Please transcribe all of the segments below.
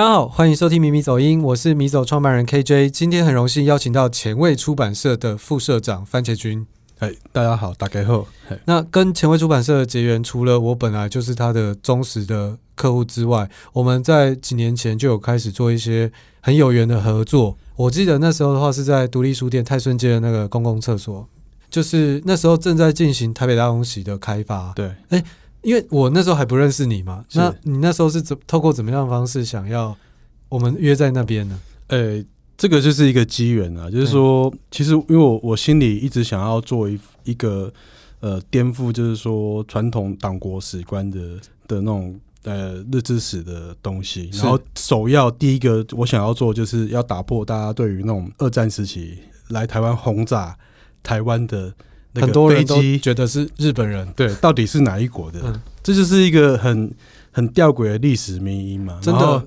大家好，歡迎收聽《迷迷走音》，我是迷走創辦人 KJ。今天很榮幸邀請到前衛出版社的副社長番茄君。哎，大家好，打給後。嘿那跟前衛出版社的結緣，除了我本來就是他的忠實的客戶之外，我們在幾年前就有開始做一些很有緣的合作。我記得那時候的話是在獨立書店泰順街的那個公共廁所，就是那時候正在進行台北大空襲的開發。對，哎、欸。因為我那時候還不認識你嘛，是那你那時候是怎透過怎麼樣的方式想要我們約在那邊呢？誒、欸，這個就是一個機緣啊，就是說，欸、其實因為我我心裡一直想要做一一個呃顛覆，就是說傳統黨國史觀的的那種呃日治史的東西。是然後首要第一個我想要做就是要打破大家對於那種二戰時期來台灣轟炸台灣的。很多人都覺得是日本人， 對，到底是哪一國的？嗯、這就是一個很很吊詭的歷史迷因嘛。真的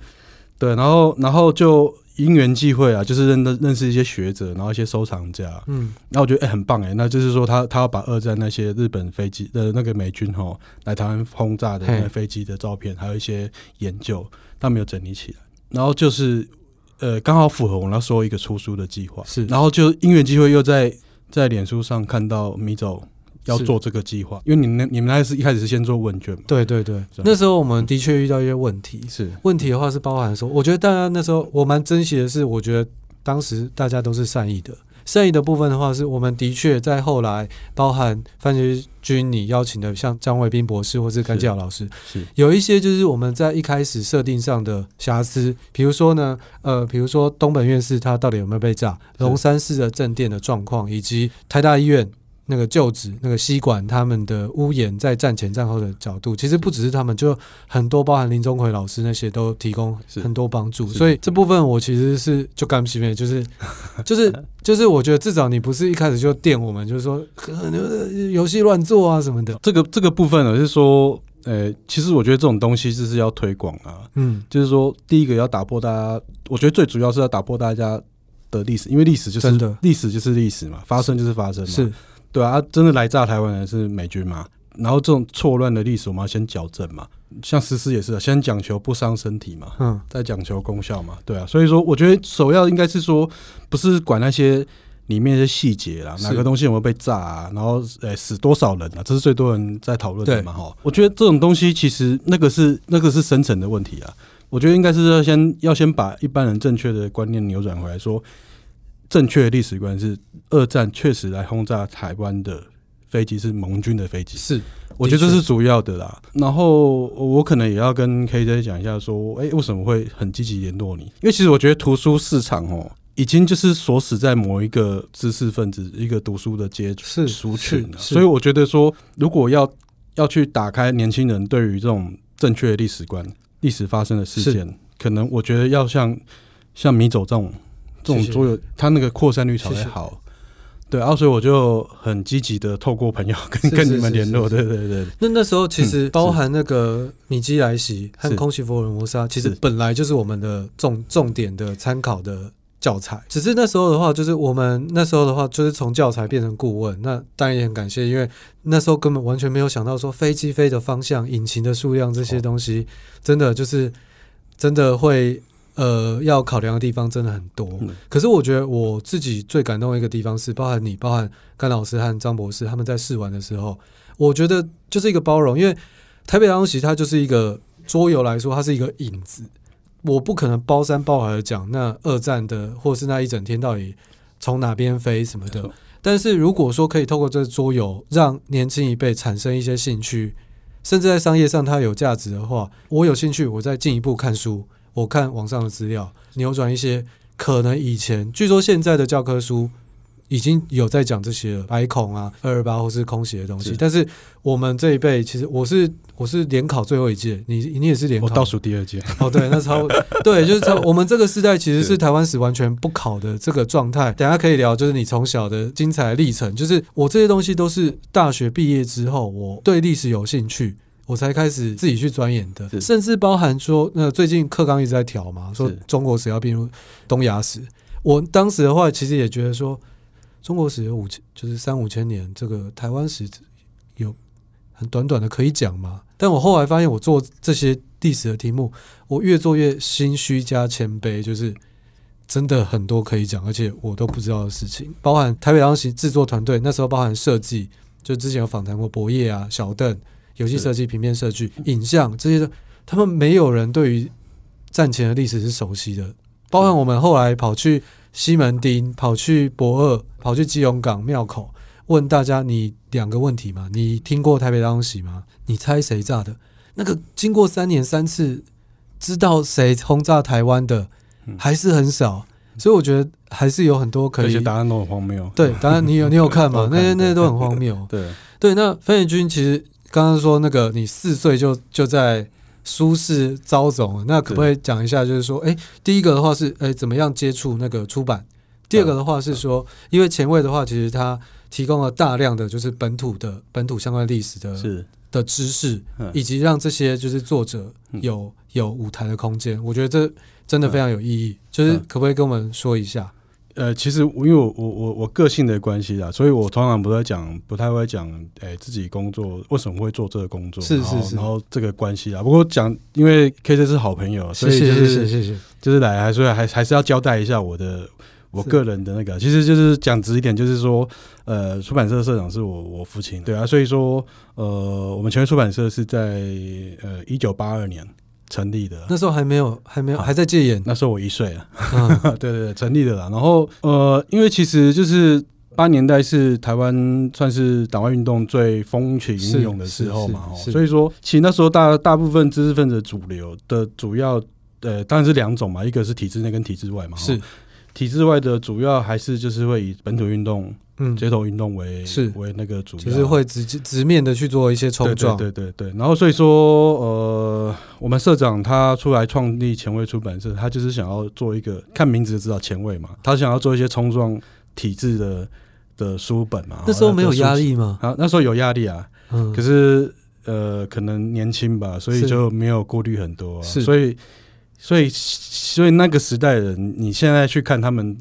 對，然後，然後就因緣際會啊，就是認認識一些學者，然後一些收藏家，嗯，那我覺得哎、欸，很棒哎、欸，那就是說他他要把二戰那些日本飛機的那個美軍哦，來台灣轟炸的那個飛機的照片，嘿還有一些研究，他沒有整理起來，然後就是呃，剛好符合我要說一個出書的計劃，是，然後就因緣際會又在。嗯在臉書上看到迷走要做這個計劃，是因為你，你們那你們那是一開始是先做問卷嘛，對對對，吧那時候我們的確遇到一些問題，是問題的話是包含說，我覺得大家那時候我蠻珍惜的是，我覺得當時大家都是善意的。剩餘的部分的話，是我們的確在後來包含番茄君你邀請的像張偉斌博士或是甘教老師是，是有一些就是我們在一開始設定上的瑕疵，比如說呢，呃，比如說東本願寺他到底有沒有被炸，龍山寺的正殿的狀況，以及台大醫院。那個舊址、那個吸管，他們的屋檐在戰前戰後的角度，其實不只是他們，就很多包含林忠奎老師那些都提供很多幫助。是所以是這部分我其實是就感謝就是就是就是，就是、 就是我覺得至少你不是一開始就電我們，就是說遊戲亂做啊什麼的。這個這個部分呢，就是說，呃、欸，其實我覺得這種東西就是要推廣啊，嗯，就是說第一個要打破大家，我覺得最主要是要打破大家的歷史，因為歷史就是歷的史，就是歷史嘛，發生就是發生嘛是。對啊，啊，真的來炸台灣人是美軍嘛？然後這種錯亂的歷史，我們要先矯正嘛。像實施也是、啊，先講求不傷身體嘛，嗯，再講求功效嘛。對啊，所以說我覺得首要應該是說，不是管那些裡面的細節啦，是哪個東西有沒有被炸啊，然後呃、欸、死多少人啊，這是最多人在討論的嘛哈對。我覺得這種東西其實那個是那個是深層的問題啊。我覺得應該是要先要先把一般人正確的觀念扭轉回來，說。正確的歷史觀是，二戰確實來轟炸台灣的飛機是盟軍的飛機，是，我覺得這是主要的啦。實然後我可能也要跟 KJ 講一下，說，哎、欸，為什麼會很積極聯絡你？因為其實我覺得圖書市場哦，已經就是鎖死在某一個知識分子一個讀書的階層是族群，是是是，所以我覺得說，如果要要去打開年輕人對於這種正確歷史觀、歷史發生的事件，是可能我覺得要像像迷走這種。這種桌遊，它那個擴散率才好，是是是對啊，所以我就很積極的透過朋友跟是是是是跟你們聯絡，是是是是對對對，對。那那時候其實包含那個米機來襲和空襲福爾摩沙，是是其實本來就是我們的重重點的參考的教材。是是只是那時候的話，就是我們那時候的話，就是從教材變成顧問，那當然也很感謝，因為那時候根本完全沒有想到說飛機飛的方向、引擎的數量這些東西，哦、真的就是真的會。呃，要考量的地方真的很多。嗯、可是我覺得我自己最感動的一個地方是，包含你、包含甘老師和張博士他們在試玩的時候，我覺得就是一個包容。因為台北大空襲它就是一個桌遊來說，它是一個影子。我不可能包山包海的講那二戰的，或是那一整天到底從哪邊飛什麼的。但是如果說可以透過這個桌遊讓年輕一輩產生一些興趣，甚至在商業上它有價值的話，我有興趣，我再進一步看書。我看網上的資料，扭轉一些可能以前，據說現在的教科書已經有在講這些了，白恐啊、二二八或是空襲的東西，是但是，我們這一輩，其實我是我是聯考最後一屆，你你也是聯考，我倒數第二屆哦，對，那超對，就是 我們這個時代其實是台灣史完全不考的這個狀態。是等下可以聊，就是你從小的精彩歷程，就是我這些東西都是大學畢業之後我對歷史有興趣。我才開始自己去鑽研的，是甚至包含說，那個、最近課綱一直在調嘛，說中國史要併入東亞史。是我當時的話，其實也覺得說，中國史有五千，就是三五千年，這個台灣史有很短短的可以講嘛。但我後來發現，我做這些歷史的題目，我越做越心虛加謙卑，就是真的很多可以講，而且我都不知道的事情，包含台北大空襲製作團隊那時候包含設計，就之前有訪談過博業啊、小鄧。遊戲設計、平面設計、對影像，這些都，他們沒有人對於戰前的歷史是熟悉的。包含我們後來跑去西門町、跑去駁二、跑去基隆港廟口，問大家：“你兩個問題嗎？你聽過台北大空襲嗎？你猜誰炸的？”那個經過三年三次知道誰轟炸台灣的，還是很少。所以我覺得還是有很多可以。答案都很荒謬。對，答案你有你有看嗎？看那些那些都很荒謬。對了對，那番茄君其實。剛剛說那個，你四歲就就在蘇軾招總，那可不可以講一下？就是說，哎是，第一個的話是，哎，怎麼樣接觸那個出版？第二個的話是說，嗯嗯、因為前衛的話，其實它提供了大量的就是本土的本土相關歷史的是的知識，嗯、以及讓這些就是作者有有舞台的空間。我覺得這真的非常有意義。嗯、就是可不可以跟我們說一下？呃，其實因為我我我我個性的關係啦，所以我通常不會講，不太會講，哎、欸，自己工作為什麼會做這個工作，是是是，然後這個關係啦。不過講，因為 KJ 是好朋友，謝謝謝謝謝謝，就是來，所以還是還是要交代一下我的我個人的那個，是其實就是講直一點，就是說，呃，出版社社長是我我父親，對啊，所以說，呃，我們前衛出版社是在呃一九八二年。成立的那時候還沒有，還沒有、啊、還在戒嚴。那時候我一歲啊呵呵。對對，對，成立的啦。然後呃，因為其實就是八年代是台灣算是黨外運動最風起雲湧的時候嘛，所以說其實那時候大大部分知識分子主流的主要呃當然是兩種嘛，一個是體制內跟體制外嘛。是、哦、體制外的主要還是就是會以本土運動。嗯，街頭運動為是為那個主，就是會直直面的去做一些衝撞，對對對，對，對，然後所以說，呃，我們社長他出來創立前衛出版社，他就是想要做一個，看名字就知道前衛嘛，他想要做一些衝撞體制的的書本嘛。那時候沒有壓力嗎？啊，那時候有壓力啊。嗯，可是呃，可能年輕吧，所以就沒有顧慮很多，啊是。是，所以所以所以那個時代的人，你現在去看他們。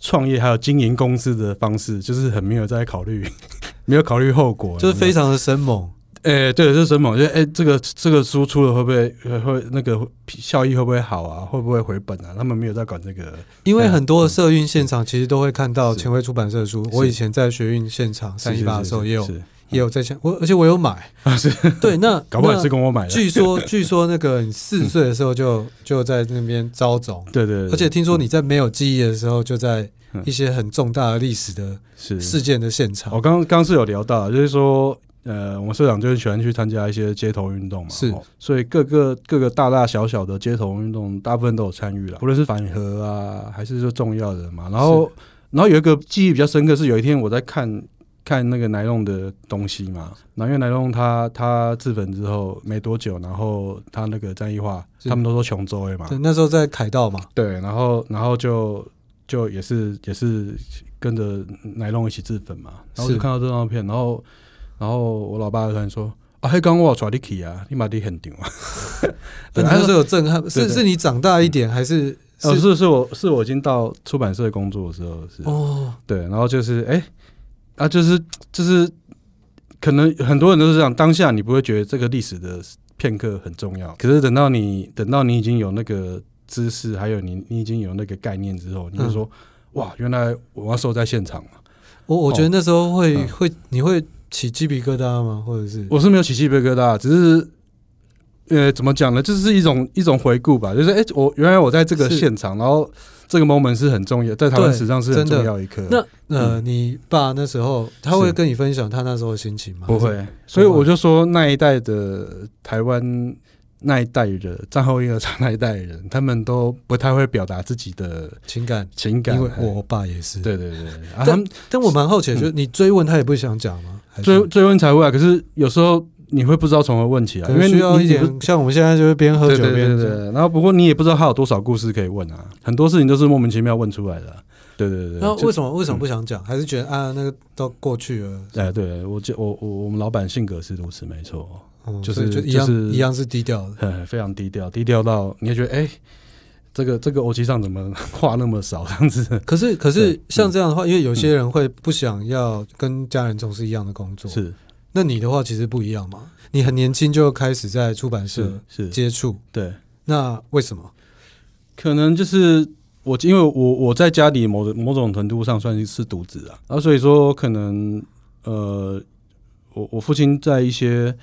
創業還有經營公司的方式，就是很沒有在考慮， 沒有考慮後果，就是非常的生猛。哎、欸，對，就是生猛，覺得哎，這個這個書出了會不會會那個效益會不會好啊？會不會回本啊？他們沒有在管這個，因為很多的社運現場其實都會看到前衛出版社的書。嗯、我以前在學運現場三一八的時候也有，也有在想，我而且我有買，啊是，對，那搞不好也是跟我買的。據說據說那個你四歲的時候就、嗯、就在那邊招走，對對，對，而且聽說你在沒有記憶的時候就在一些很重大的歷史的事件的現場。我剛剛剛是有聊到，就是說，呃，我們社長就是喜歡去參加一些街頭運動嘛，是，所以各個各個大大小小的街頭運動，大部分都有參與了，不論是反核啊，還是說重要的人嘛，然後是然後有一個記憶比較深刻是有一天我在看。看那個南榕的東西嘛，然後南榕他他自焚之後沒多久，然後他那個詹益樺，是他們都說瓊州誒嘛對，那時候在凱道嘛，對，然後然後就就也是也是跟着南榕一起自焚嘛，然後就看到這張照片，然後然後我老爸突然說是啊，剛剛我抓你去啊，你馬地很頂啊，本來 就對、啊、是有震撼，是是你長大一點還是是、嗯、是，是我是我，是我已經到出版社工作的時候是哦對，然後就是哎。欸啊、就是，就是就是，可能很多人都是這樣。當下你不會覺得這個歷史的片刻很重要，可是等到你等到你已經有那個知識，還有你你已經有那個概念之後，你就說：嗯、哇，原來我要守在現場。我我覺得那時候會、哦、會你會起雞皮疙瘩嗎？或者是我是沒有起雞皮疙瘩，只是呃、欸，怎麼講呢？就是一種一種回顧吧。就是哎、欸，我原來我在這個現場，是然後。這個 moment 是很重要，在台灣史上是很重要的一刻。那、嗯、呃，你爸那時候他會跟你分享他那時候的心情嗎？是不會，所以我就說那一代的台灣那一代人，戰後嬰兒潮那一代人，他們都不太會表達自己的情感情感。因為我爸也是，對對對。啊、但們但我蠻好奇，嗯、就是你追問他，也不想講嗎？追追問才會啊。可是有時候。你會不知道從何問起啊，因為需要一點像我們現在就是邊喝酒邊，對對對，然後不過你也不知道他有多少故事可以問啊，很多事情都是莫名其妙問出來的，對對對。那為什麼為什麼不想講？還是覺得啊，那個都過去了。哎，對我就我我我們老板性格是如此，沒錯，就是一樣一樣是低調的，非常低調，低調到你會覺得哎，這個這個歐吉桑怎麼話那麼少這樣子？可是可是像這樣的話，因為有些人會不想要跟家人從事一樣的工作，是。那你的話其實不一樣嘛，你很年輕就開始在出版社是接觸。對，那為什麼？可能就是我因為我我在家裡某某種程度上算是是獨子啊，然後所以說可能呃，我我父親在一些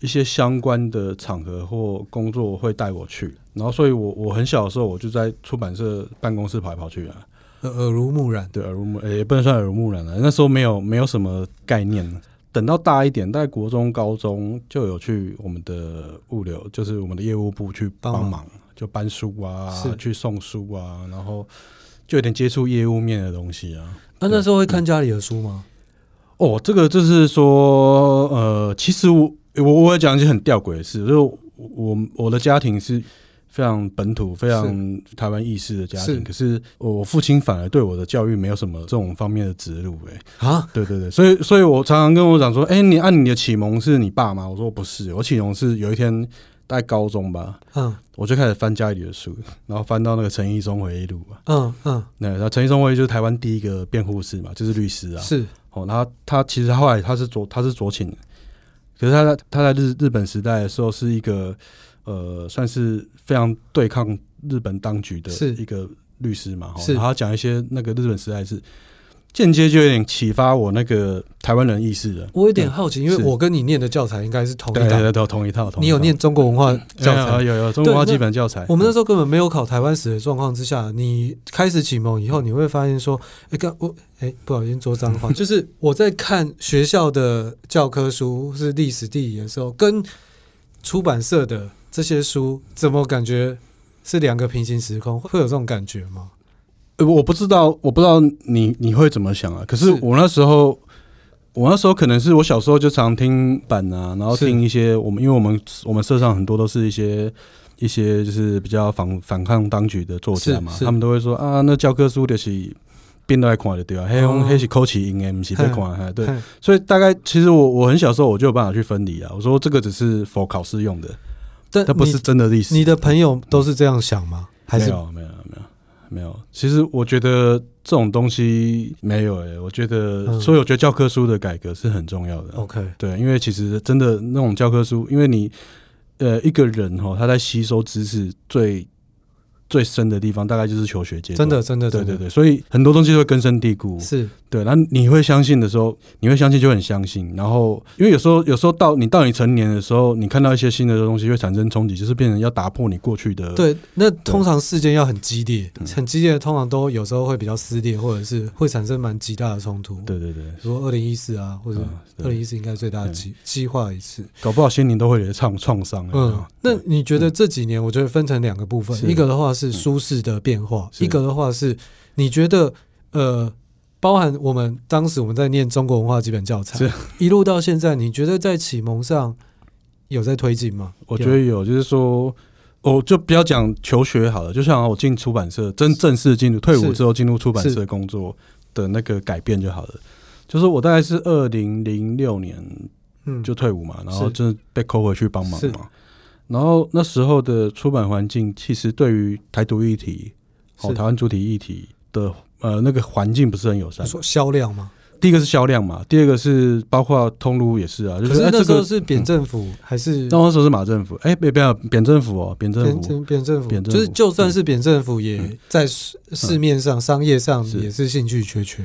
一些相關的場合或工作會帶我去，然後所以我，我我很小的時候我就在出版社辦公室跑來跑去啊，耳耳濡目染，對。耳濡目也不能算耳濡目染了，那時候沒有沒有什麼概念。等到大一點，在國中、高中就有去我們的物流，就是我們的業務部去幫忙，忙就搬書啊，是去送書啊，然後就有點接觸業務面的東西啊。那、啊、對那時候會看家裡的書嗎？嗯？哦，這個就是說，呃，其實我我我會講一些很弔詭的事，就是我我的家庭是。非常本土、非常台灣意識的家庭，是是可是我父親反而對我的教育沒有什麼這種方面的植入、欸。哎蛤，啊，對對對，所以，所以我常常跟我講說：“哎、欸，你按你的啟蒙是你爸媽？”我說：“不是，我啟蒙是有一天在高中吧，嗯，我就開始翻家裡的書，然後翻到那個陳逸松回憶錄嗯嗯，那然後陳逸松回憶就是台灣第一個辯護士嘛，就是律師啊，是。哦，然後他,他其實後來他是,他是左他是左傾，可是他在他在日日本時代的時候是一個。呃，算是非常對抗日本當局的一個律師嘛，是，是，然後講一些那個日本時代是間接就有點啟發我那個台灣人意識的。我有點好奇，對因為我跟你念的教材應該是同一，同一套。同一套。你有念中國文化教材？嗯，欸、有有有，中國文化基本教材。嗯、我們那時候根本沒有考台灣史的狀況之下，你開始啟蒙以後，你會發現說，哎、欸，剛我哎、欸，不小心說髒話， 就是我在看學校的教科書是歷史地理的時候，跟出版社的。這些書怎麼感覺是兩個平行時空？會有這種感覺嗎？呃，我不知道，我不知道你你會怎麼想啊？可是我那時候，是我那時候可能是我小時候就常聽版啊，然後聽一些是我們，因為我們我們社上很多都是一些一些就是比較反反抗當局的作家嘛，是是他們都會說啊，那教科書就是變來看對、哦、是的對啊，還用還是扣起因誒，不是這款嘿對。嘿所以大概其實我我很小時候我就有辦法去分離啊，我說這個只是 for 考試用的。但這不是真的歷史。你的朋友都是這樣想嗎？沒有、嗯，還是沒有，沒有，沒有。其實我覺得這種東西沒有哎、欸，我覺得、嗯、所以我覺得教科書的改革是很重要的、啊。OK，對，因為其實真的那種教科書，因為你呃一個人哈、哦，他在吸收知識最最深的地方，大概就是求學階段。真的，真的，對對對。所以很多東西會根深蒂固。是。對，那你會相信的時候，你會相信就很相信。然後，因為有時候，有時候到你到你成年的時候，你看到一些新的東西，會產生衝擊，就是變成要打破你過去的。對，那通常事件要很激烈，對很激烈的通常都有時候會比較撕裂，對或者是會產生蠻極大的衝突。對對對，如果二零一四啊，或者二零一四應該最大的激激化一次、嗯，搞不好心靈都會有點創創傷。嗯，對那你覺得這幾年，我覺得分成兩個部分，是一個的話是舒適的變化，是一個的話是你覺得呃。包含我們當時，我們在念中國文化基本教材，是一路到現在，你覺得在啟蒙上有在推進嗎？我覺得有，就是說，我有、哦、就不要講求學好了，就像我進出版社，真正式進入是退伍之後進入出版社工作的那個改變就好了。是，就是我大概是二零零六年就退伍嘛，嗯、然後就被扣回去幫忙嘛。是然後那時候的出版環境，其實對於台獨議題、哦、是台灣主體議題的。呃，那個環境不是很友善。說銷量嗎？第一個是銷量嘛，第二個是包括通路也是啊。可是那時候是扁政府還是？那時候是馬政府。哎，別別，扁政府哦，扁政府，扁政府，就是就算是扁政府，也在市面上、商業上也是興趣缺缺。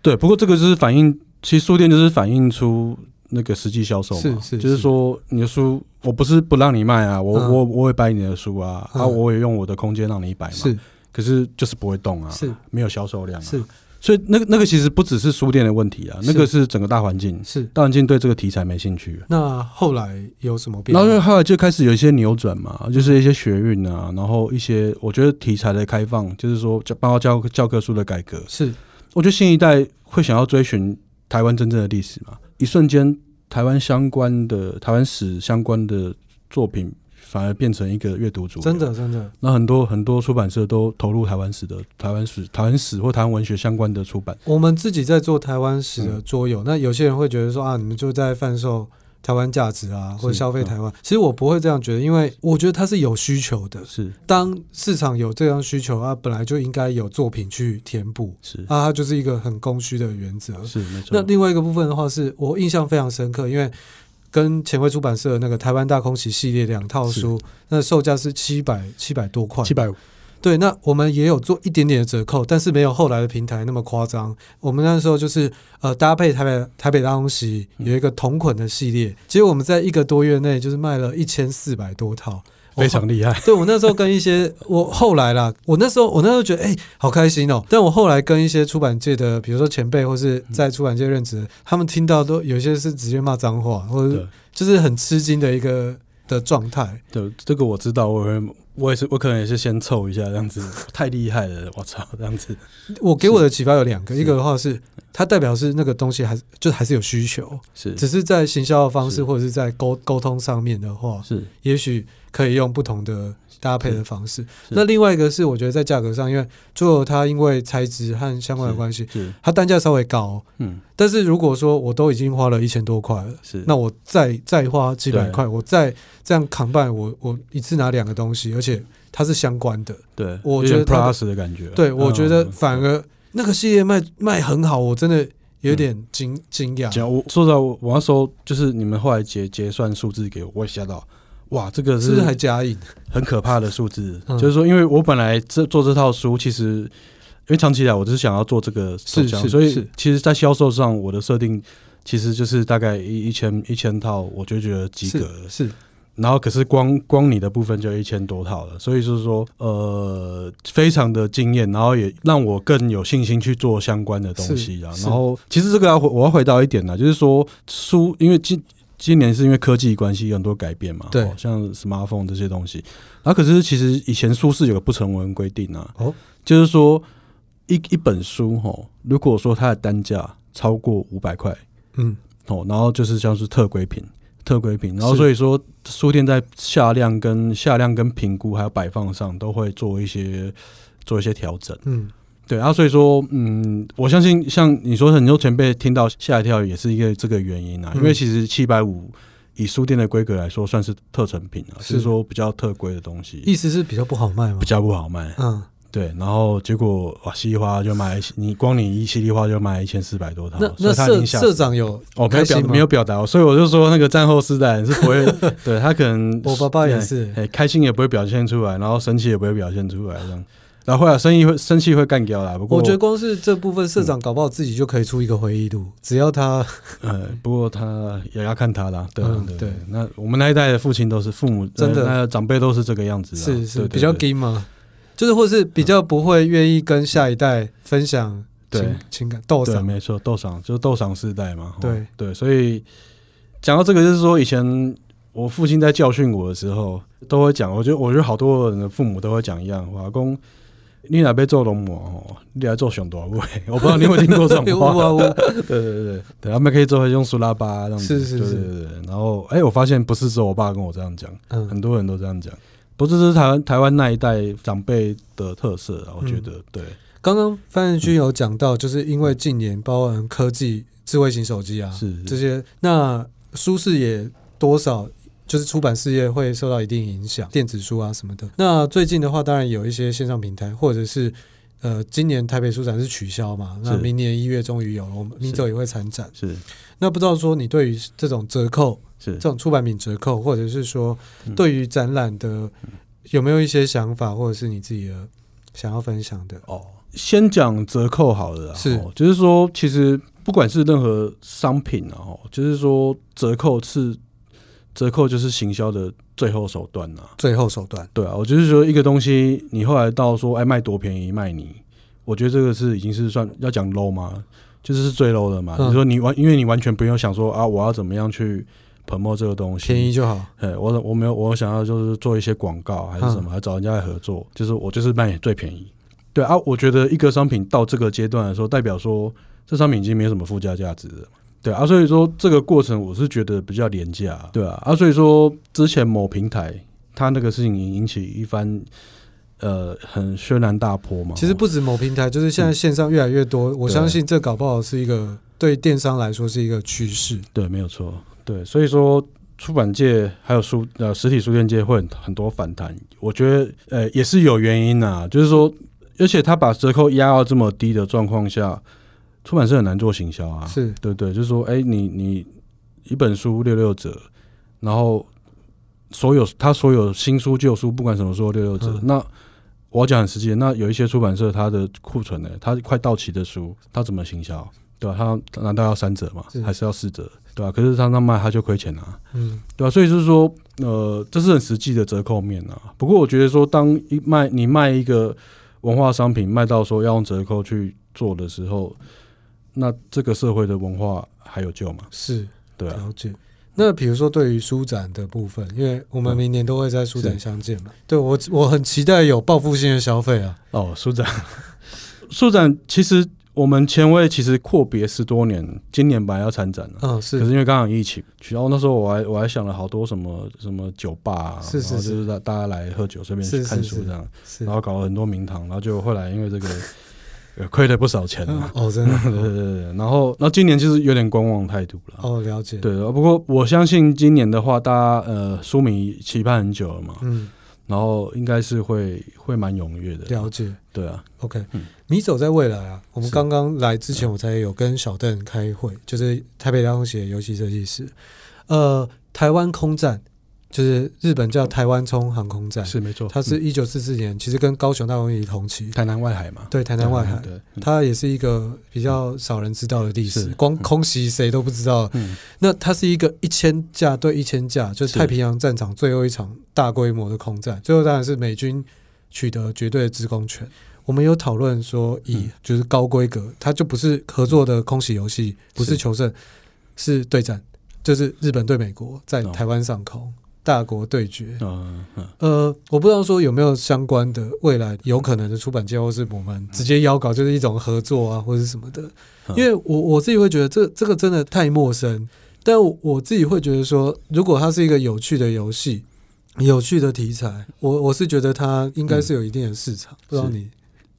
對，不過這個是反映，其實書店就是反映出那個實際銷售嘛。是是，就是說你的書，我不是不讓你賣啊，我我我也擺你的書啊，啊，我也用我的空間讓你擺嘛。是。可是就是不會動啊，是，沒有銷售量啊，是，所以那個那個其實不只是書店的問題啊，是，那個是整個大環境，是大環境對這個題材沒興趣。那後來有什麼變化？然後後來就開始有一些扭轉嘛，嗯，就是一些學運啊，然後一些我覺得題材的開放，就是說教，包括教教科書的改革，是，我覺得新一代會想要追尋台灣真正的歷史嘛，一瞬間台灣相關的台灣史相關的作品。反而變成一個閱讀主流，真的真的。真的，那很多很多出版社都投入台灣史的台灣史、台灣史或台灣文學相關的出版。我們自己在做台灣史的桌遊，嗯、那有些人會覺得說啊，你們就在販售台灣價值啊，或者消費台灣。嗯、其實我不會這樣覺得，因為我覺得它是有需求的。是，當市場有這樣需求啊，本來就應該有作品去填補。是啊，它就是一個很供需的原則。是沒錯。那另外一個部分的話是，是我印象非常深刻，因為。跟前衛出版社那個《台灣大空襲》系列兩套書，是那售價是七百七百多塊，七百五。對，那我們也有做一點點的折扣，但是沒有後來的平台那麼誇張。我們那時候就是呃，搭配台北台北大空襲有一個同捆的系列，結果、嗯、我們在一個多月內就是賣了一千四百多套。非常厲害，對我那時候跟一些，我後來啦，我那時候我那時候覺得哎、欸，好開心哦、喔。但我後來跟一些出版界的，比如說前輩或是在出版界認識，他們聽到都有一些是直接罵髒話，或者就是很吃驚的一個的狀態。對，這個我知道，我也我也是，我可能也是先湊一下這樣子，太厲害了，我操，這樣子。我給我的啟發有兩個，一個的話是它代表是那個東西還是就還是有需求，是只是在行銷的方式是或者是在溝溝通上面的話是也許，可以用不同的搭配的方式。是那另外一個是，我覺得在價格上，因為做它，因為材質和相關的關係，是是它單價稍微高。嗯，但是如果說我都已經花了一千多塊了，是那我再再花幾百塊，對我再這樣 combine 我我一次拿兩個東西，而且它是相關的。對，我覺得 plus 的感覺。對，我覺得反而那個系列賣賣很好，我真的有點驚驚訝。嗯、訝我說實話，我要說就是你們後來結結算數字給我，我也嚇到。哇，這個是還加印，很可怕的數字。是是嗯、就是說，因為我本來這做這套書，其實因為長期以來，我只是想要做這個是，是是所以，其實在銷售上，我的設定其實就是大概一一千一千套，我就覺得及格了。是。是然後，可是光光你的部分就一千多套了，所以就是說，呃，非常的驚艷，然後也讓我更有信心去做相關的東西啊。然後，其實這個我要回，我要回到一點呢，就是說書，因為今。今年是因為科技關係，有很多改變嘛？對哦、像 smartphone 這些東西。然、啊、可是其實以前書市有個不成文規定啊，哦、就是說一一本書哦，如果說它的單價超過五百塊，嗯，哦，然後就是像是特規品、特規品。然後所以說書店在下量跟下量跟評估還有擺放上都會做一些做一些調整，嗯。對啊，所以說，嗯，我相信像你說很多前輩聽到嚇一跳，也是一個這個原因啊。嗯、因為其實七百五以書店的規格來說，算是特成品啊，是，是說比較特貴的東西。意思是比較不好賣嗎？比較不好賣。嗯，對。然後結果哇，稀里嘩啦就賣，你光你一稀里嘩啦就賣一千四百多套。那，那社所以他社長有哦，沒有表沒有表達，所以我就說那個戰後世代是不會， 對他可能我爸爸也是、欸欸，開心也不會表現出來，然後生氣也不會表現出來，這樣。然後啊，生意會生氣會幹掉啦。不過我覺得光是這部分社長搞不好自己就可以出一個回憶錄。只要他，呃，不過他也要看他的，對啊，對。那我們那一代的父親都是父母真的長輩都是這個樣子，是是比較矜嘛，就是或是比較不會願意跟下一代分享情情感斗賞，沒錯，斗賞就是斗賞世代嘛。對對，所以講到這個，就是說以前我父親在教訓我的時候都會講，我覺得我覺得好多人的父母都會講一樣，老公。你若欲做龍馬哦？你著愛做上大尾？我不知道你有沒有聽過這種話。 對對對對，他們可以做回用蘇拉巴。是是是是是。對對對然後，哎、欸，我發現不是說我爸跟我這樣講，嗯、很多人都這樣講，不是是台灣台灣那一代長輩的特色啊。我覺得、嗯、對。剛剛番茄君有講到，就是因為近年、嗯、包含科技、智慧型手機啊是是這些，那舒適也多少。就是出版事業會受到一定影響，電子書啊什麼的。那最近的話，當然有一些線上平台，或者是呃，今年台北書展是取消嘛？是那明年一月終於有了，我們迷走也會參展。是，是，那不知道說你對於這種折扣，是這種出版品折扣，或者是說對於展覽的有沒有一些想法，或者是你自己的想要分享的？哦，先講折扣好了，是、哦，就是說，其實不管是任何商品哦，就是說折扣是。折扣就是行銷的最後手段吶、啊，最後手段，對啊，我就是說一個東西，你後來到說，哎、欸，賣多便宜賣你，我覺得這個是已經是算要講 low 嘛？就是是最 low 的嘛。你、嗯、說你完，因為你完全不用想說啊，我要怎麼樣去 promote 這個東西，便宜就好。哎，我我沒有，我想要就是做一些廣告還是什麼，嗯、還找人家來合作，就是我就是賣你最便宜。對啊，我覺得一個商品到這個階段來說，代表說這商品已經沒有什麼附加價值了。對啊，所以說這個過程我是覺得比較廉價，對啊，啊，所以說之前某平台它那個事情引起一番呃很軒然大波嘛。其實不止某平台，就是現在線上越來越多，嗯、我相信這搞不好是一個對、啊、對電商來說是一個趨勢。對，沒有錯。對，所以說出版界還有書呃實體書店界會很多反彈，我覺得呃也是有原因吶、啊，就是說，而且他把折扣壓到這麼低的狀況下。出版社很難做行銷啊，是對對，就是說，哎，你你一本書六六折，然後所有他所有新書舊書不管什麼時候六六折。呵那我要講很實際的，那有一些出版社他的庫存呢，欸，他快到期的書，他怎麼行銷？對吧，啊？他難道要三折嗎？是還是要四折？對吧，啊？可是他那賣他就虧錢啊，嗯，對吧，啊？所以就是說，呃，這是很實際的折扣面啊。不過我覺得說，當一賣你賣一個文化商品，賣到說要用折扣去做的時候。那這個社會的文化還有救嗎？是對、啊，了解。那比如說對於書展的部分，因為我們明年都會在書展相見嘛，嗯、對我我很期待有報復性的消費啊。哦，書展，書展，其實我們前衛其實闊別十多年，今年本來要參展的，哦，是。可是因為剛好疫情，然、哦、後那時候我還我還想了好多什麼什麼酒吧、啊、是是是然後就是大大家來喝酒，順便去看書這樣，是是是是是然後搞了很多名堂，然後就後來因為這個。 虧了不少錢嘛、啊嗯。哦，真的。 對，對，對，對對對。然後，那今年就是有點觀望態度了。哦，了解。對，不過我相信今年的話，大家呃，書迷期盼很久了嘛。嗯。然後應該是會會蠻踴躍的。了解。對啊。OK，嗯、你走在未來啊！我們剛剛來之前，我才有跟小鄧開會，是就是台北大空襲遊戲設計師，呃，台灣空戰。就是日本叫台灣沖航空戰，是沒錯，它是一九四四年，其實跟高雄大空襲同期，台南外海嘛，對，台南外海，對，它也是一個比較少人知道的歷史，光空襲誰都不知道。那它是一個一千架對一千架，就是太平洋戰場最後一場大規模的空戰，最後當然是美軍取得絕對的制空權。我們有討論說，以就是高規格，它就不是合作的空襲遊戲，不是求勝，是對戰，就是日本對美國在台灣上空。大國對決啊，嗯嗯、呃，我不知道說有沒有相關的未來有可能的出版界或是我們直接邀稿，就是一種合作啊，或者什麼的。嗯、因為我我自己會覺得這，這這個真的太陌生。但我,我自己會覺得說，如果它是一個有趣的遊戲，有趣的題材，我我是覺得它應該是有一定的市場。嗯、不知道你，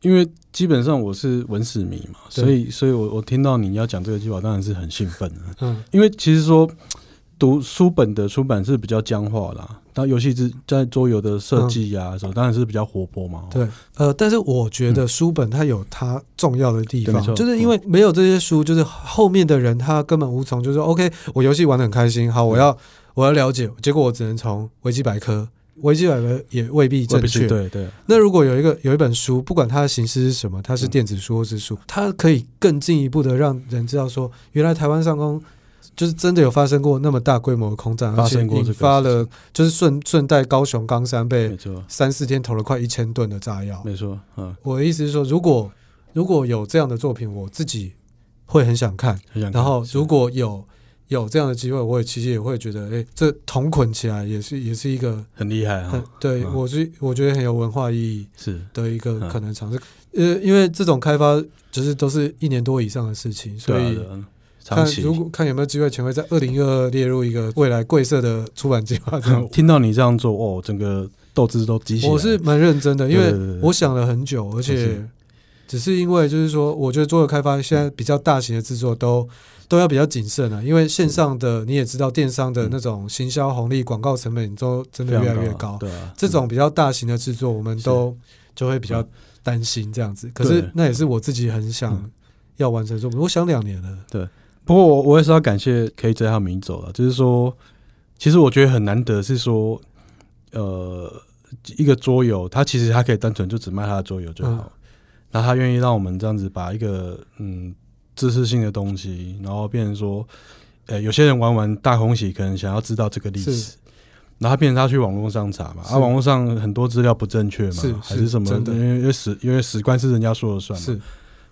因為基本上我是文史迷嘛，所以對所以我我聽到你要講這個計劃，當然是很興奮的。嗯，因為其實說。讀書本的出版是比較僵化啦、啊，但遊戲之在桌遊的設計啊什麼、嗯、當然是比較活潑嘛。對，呃，但是我覺得書本它有它重要的地方，嗯、就是因為沒有這些書，嗯、就是後面的人他根本無從，就是、嗯、OK，我遊戲玩得很開心，好，我要、嗯、我要了解，結果我只能從維基百科，維基百科也未必正確。對對。對那如果有一個有一本書，不管它的形式是什麼，它是電子書或是書，嗯、它可以更進一步的讓人知道說，原來台灣上空。就是真的有發生過那麼大規模的空戰，而且引發了就是順順帶高雄岡山被三四天投了快一千噸的炸藥。沒錯，我的意思是說，如果如果有這樣的作品，我自己會很想看，然後如果有有這樣的機會，我也其實也會覺得，哎，這同綑起來也是也是一個很厲害，很對我是我覺得很有文化意義是的一個可能嘗試。因為因為這種開發就是都是一年多以上的事情，所以。長看如果看有沒有機會，前衛在二零二二列入一個未來貴社的出版計劃。聽到你這樣做哦，整個鬥志都激起來。我是蠻認真的，因為我想了很久，而且只是因為就是說，我覺得作為開發，現在比較大型的制作都都要比較謹慎啊。因為線上的你也知道，電商的那種行銷紅利、廣告成本都真的越來越高。對，這種比較大型的制作，我們都就會比較擔心這樣子。可是那也是我自己很想要完成，做我想兩年了。對。不過我我也是要感謝 KJ 他迷走了，就是說，其實我覺得很難得是說，呃，一個桌遊，他其實他可以單純就只賣他的桌遊就好，嗯、然後他願意讓我們這樣子把一個嗯知識性的東西，然後變成說，呃、欸，有些人玩玩大空襲可能想要知道這個歷史，是然後變成他去網絡上查嘛，是啊，網絡上很多資料不正確嘛，是，是還是什麼的因為，因為史因為史官是人家說了算嘛，是。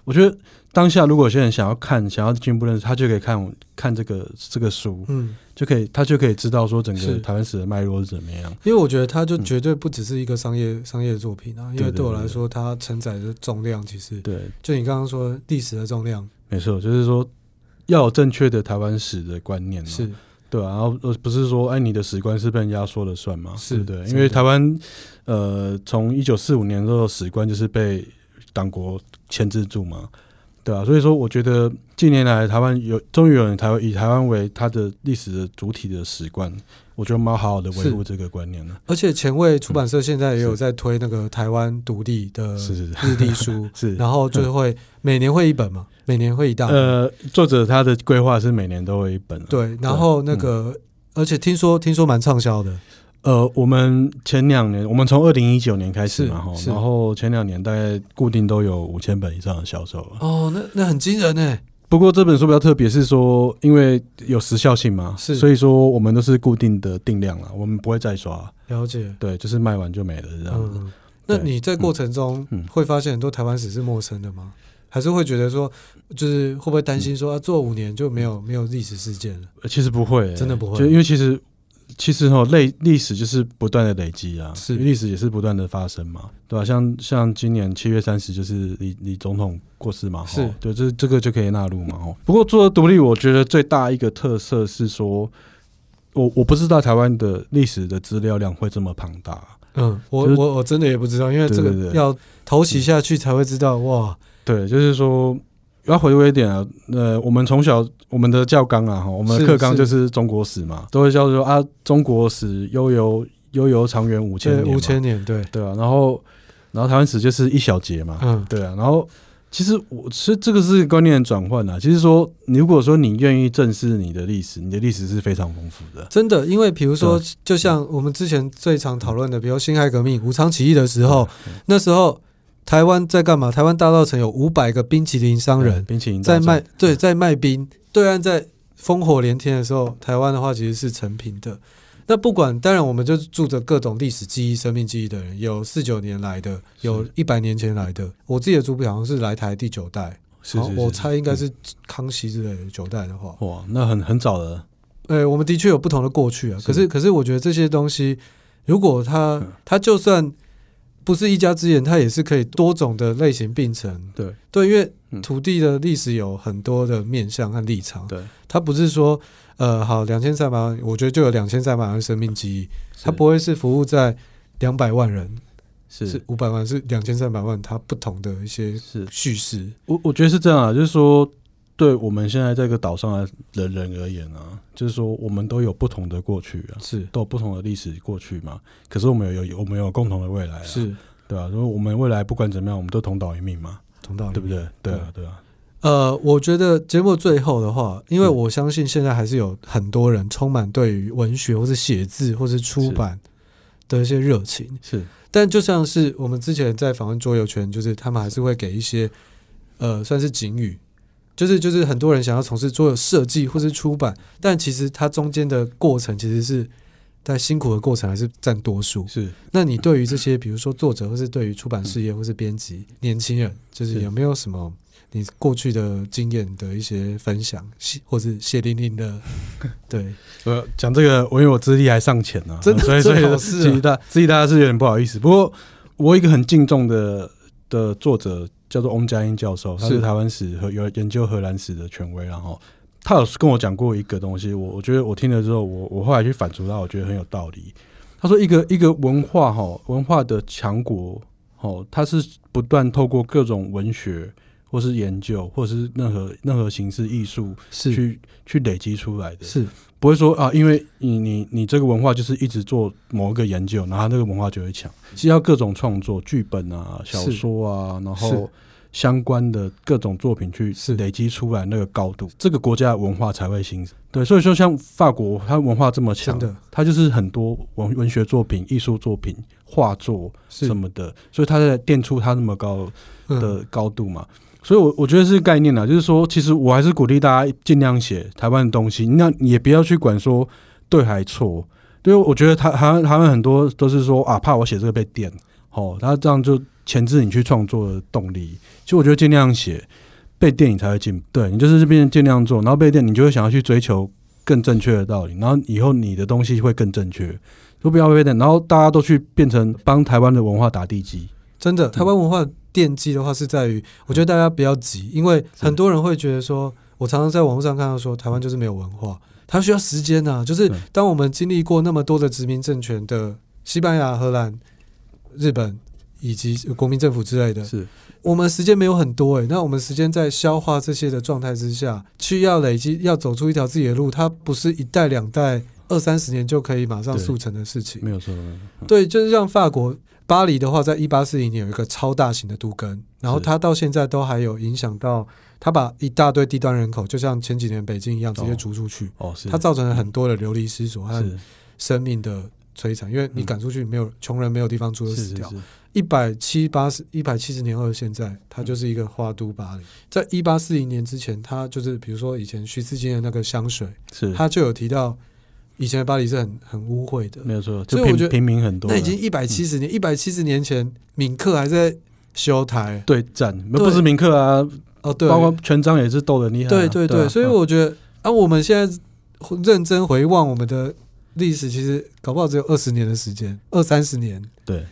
我覺得當下如果有些人想要看，想要進一步認識，他就可以看看這個這個書，嗯，就可以他就可以知道說整個台灣史的脈絡是怎麼樣。因為我覺得它就絕對不只是一個商業商業作品啊，因為對我來說，它承載的重量其實對，就你剛剛說歷史的重量，沒錯，就是說要有正確的台灣史的觀念嘛，是，對，然後不是說哎，你的史觀是被人家說了算嗎？是，對，因為台灣呃，從一九四五年之後，史觀就是被黨國。牽制住嘛，對啊，所以說我覺得近年來台灣有終於有人台灣以台灣為它的歷史的主體的史觀，我覺得我們要好好的維護這個觀念了。而且前衛出版社現在也有在推那個台灣獨立的日曆書，是、是、是、是，然後就會每年會一本嘛， 每年會一大。呃，作者他的規劃是每年都會一本，啊，對，然後那個、嗯、而且聽說聽說蠻暢銷的。呃，我們前兩年，我們從二零一九年開始嘛哈，然後前兩年大概固定都有五千本以上的銷售了。哦，那那很驚人哎。不過這本書比較特別，是說因為有時效性嘛，是所以說我們都是固定的定量了，我們不會再刷。了解，對，就是賣完就沒了這樣。那你在過程中會發現很多台灣史是陌生的嗎？還是會覺得說，就是會不會擔心說啊，做五年就沒有沒有歷史事件了？呃，其實不會，真的不會，就因為其實。其實哦，累歷史就是不斷的累積啊，是歷史也是不斷的發生嘛，對吧、啊？像像今年七月三十就是李李總統過世嘛，是對，這這個就可以納入嘛。哦，不過做獨立，我覺得最大一個特色是說，我我不知道台灣的歷史的資料量會這麼龐大。嗯，就是、我我我真的也不知道，因為這個對對對，要頭洗下去才會知道。哇，對，就是說。要回味一點啊，呃，我們從小我們的教綱啊，哈，我們的課綱就是中國史嘛，都會教說啊，中國史悠悠悠悠，悠悠長遠五千年，五千年，對對啊，然後然後台灣史就是一小節嘛，嗯，對啊，然後其實我所以這個是觀念轉換啊，其實說你如果說你願意正視你的歷史，你的歷史是非常豐富的，真的，因為比如說對就像我們之前最常討論的，對比如說辛亥革命、武昌起義的時候，那時候。台灣在幹嘛？台灣大稻埕有五百個冰淇淋商人，冰淇淋在賣，對，在賣冰。對岸在烽火連天的時候，台灣的話其實是成平的。那不管，當然，我們就住着各種歷史記憶、生命記憶的人，有四九年來的，有一百年前來的。我自己的祖輩好像是來台第九代，我猜應該是康熙之類的九代的話。哇，那很很早了。哎，我們的確有不同的過去啊。可是，可是，我覺得這些東西，如果他他就算。不是一家之言，它也是可以多種的類型並存。對對，因為土地的歷史有很多的面向和立場。對，它不是說呃，好兩千三百萬，我覺得就有兩千三百萬的生命記憶，是它不會是服務在兩百萬人，是五百萬，是兩千三百萬，它不同的一些是敘事。我我覺得是這樣啊，就是說。對我們現在這個島上的人人而言呢、啊，就是說我們都有不同的過去啊，是都有不同的歷史過去嘛。可是我們有有我們有共同的未來，啊，是對啊。所以我們未來不管怎麼樣，我們都同島一命嘛，同島一命對不對？對啊，對啊。對對呃，我覺得節目最後的話，因為我相信現在還是有很多人充滿對於文學或是寫字或是出版的一些熱情是。是，但就像是我們之前在訪問桌遊圈，就是他們還是會給一些是呃，算是警語。就是就是很多人想要從事做設計或是出版，但其實它，中間的過程其實是，但辛苦的過程還是佔多數。是，那你對於這些，比如說作者或是對於出版事業、嗯、或是編輯年輕人，就是有沒有什麼你過去的經驗的一些分享，是或是謝玲玲的？ 對，呃，講這個，我因為我資歷還尚淺呢，真的，所以、啊、所以是，其實大大家是有點不好意思。不過我一個很敬重的的作者。叫做翁佳音教授，他是台灣史和是有研究荷蘭史的權威，然後他有跟我講過一個東西，我我覺得我聽了之後，我我後來去反芻他，我覺得很有道理。他說，一個一個文化哈文化的強國，哦，它是不斷透過各種文學。或是研究，或是任何任何形式藝術，是去去累積出來的，是不會說啊，因為你你你這個文化就是一直做某一個研究，然後那個文化就會強。是要各種創作、劇本啊、小說啊，是然後相關的各種作品去累積出來那個高度，是這個國家的文化才會形成。對，所以說像法國，它文化這麼強的，它就是很多文文學作品、藝術作品、畫作什麼的，是所以它在墊出它那麼高的高度嘛。嗯所以我，我我覺得是概念啦，就是說，其實我還是鼓勵大家儘量寫台灣的東西，那也不要去管說對還錯，因為我覺得他好像他們很多都是說啊，怕我寫這個被電哦，他這樣就鉗制你去創作的動力。其實我覺得儘量寫，被電你才會進，對你就是變成儘量做，然後被電你就會想要去追求更正確的道理，然後以後你的東西會更正確，都不要被電。然後大家都去變成幫台灣的文化打地基，真的、嗯、台灣文化。奠基的話是在於，我覺得大家不要急，因為很多人會覺得說，我常常在網絡上看到說，台灣就是沒有文化，它需要時間呢。就是當我們經歷過那麼多的殖民政權的西班牙、荷蘭、日本以及國民政府之類的，是我們時間沒有很多哎、欸，那我們時間在消化這些的狀態之下，去要累積、要走出一條自己的路，它不是一代、兩代、二三十年就可以馬上速成的事情，沒有錯。對，就是像法國。巴黎的話，在一八四零年有一個超大型的都更，然後它到現在都還有影響到。是它把一大堆低端人口，就像前幾年北京一樣，直接逐出去。哦,哦，是。它造成了很多的流離失所和生命的摧殘，是因為你趕出去，沒有窮、嗯、人沒有地方住就死掉。一百七八十，一百七十年後的現在，它就是一個花都巴黎。在一八四零年之前，它就是比如說以前徐四金的那個香水，是，他就有提到。以前的巴黎是很很污穢的，沒有錯，就平民很多，那已經一百七十年，一百七十年前，閩客還在修台對戰，不是閩客啊，哦對，包括泉漳也是鬥的厲害，對對對，所以我覺得啊，我們現在認真回望我們的歷史，其實搞不好只有二十年的時間，二三十年，對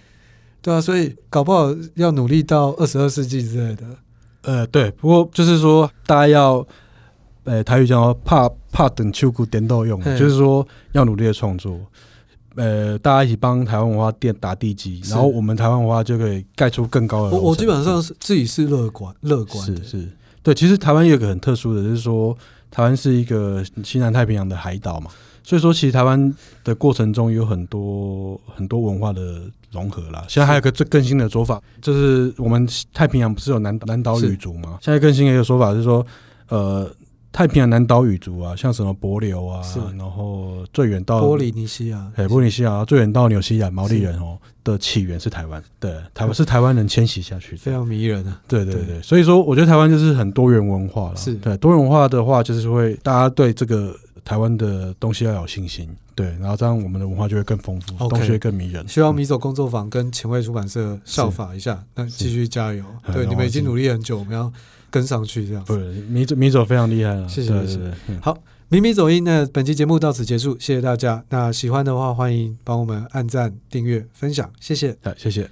對啊，所以搞不好要努力到二十二世紀之類的，呃對，不過就是說大家要呃，台語叫做，怕怕等秋褲點到用，嘿就是說要努力的創作。呃，大家一起幫台灣文化墊打地基，是然後我們台灣文化就可以蓋出更高的我。我基本上是、嗯、自己是樂觀，樂觀的是是對。其實台灣有個很特殊的，就是說台灣是一個西南太平洋的海島嘛，所以說其實台灣的過程中有很多很多文化的融合啦。現在還有個最更新的說法，是就是我們太平洋不是有南南島語族嗎？是現在更新一個說法是說，呃。太平洋南島語族啊，像什麼帛琉啊，然後最遠到波里尼西亞，哎，波里尼西亞，最遠到紐西蘭毛利人哦，的起源是台灣，對，台灣是台灣人遷徙下去，非常迷人啊！對對對，所以說我覺得台灣就是很多元文化了，是對多元文化的話，就是會大家對這個台灣的東西要有信心，對，然後這樣我們的文化就會更豐富，東西會更迷人。希望迷走工作坊跟前衛出版社效法一下，那繼續加油，對你們已經努力很久，我們要。跟上去這樣子，迷迷走非常厲害啊，謝謝老師。好，迷迷走音，那本期節目到此結束，謝謝大家。那喜歡的話，歡迎幫我們按讚、訂閱、分享，謝謝。好，謝謝。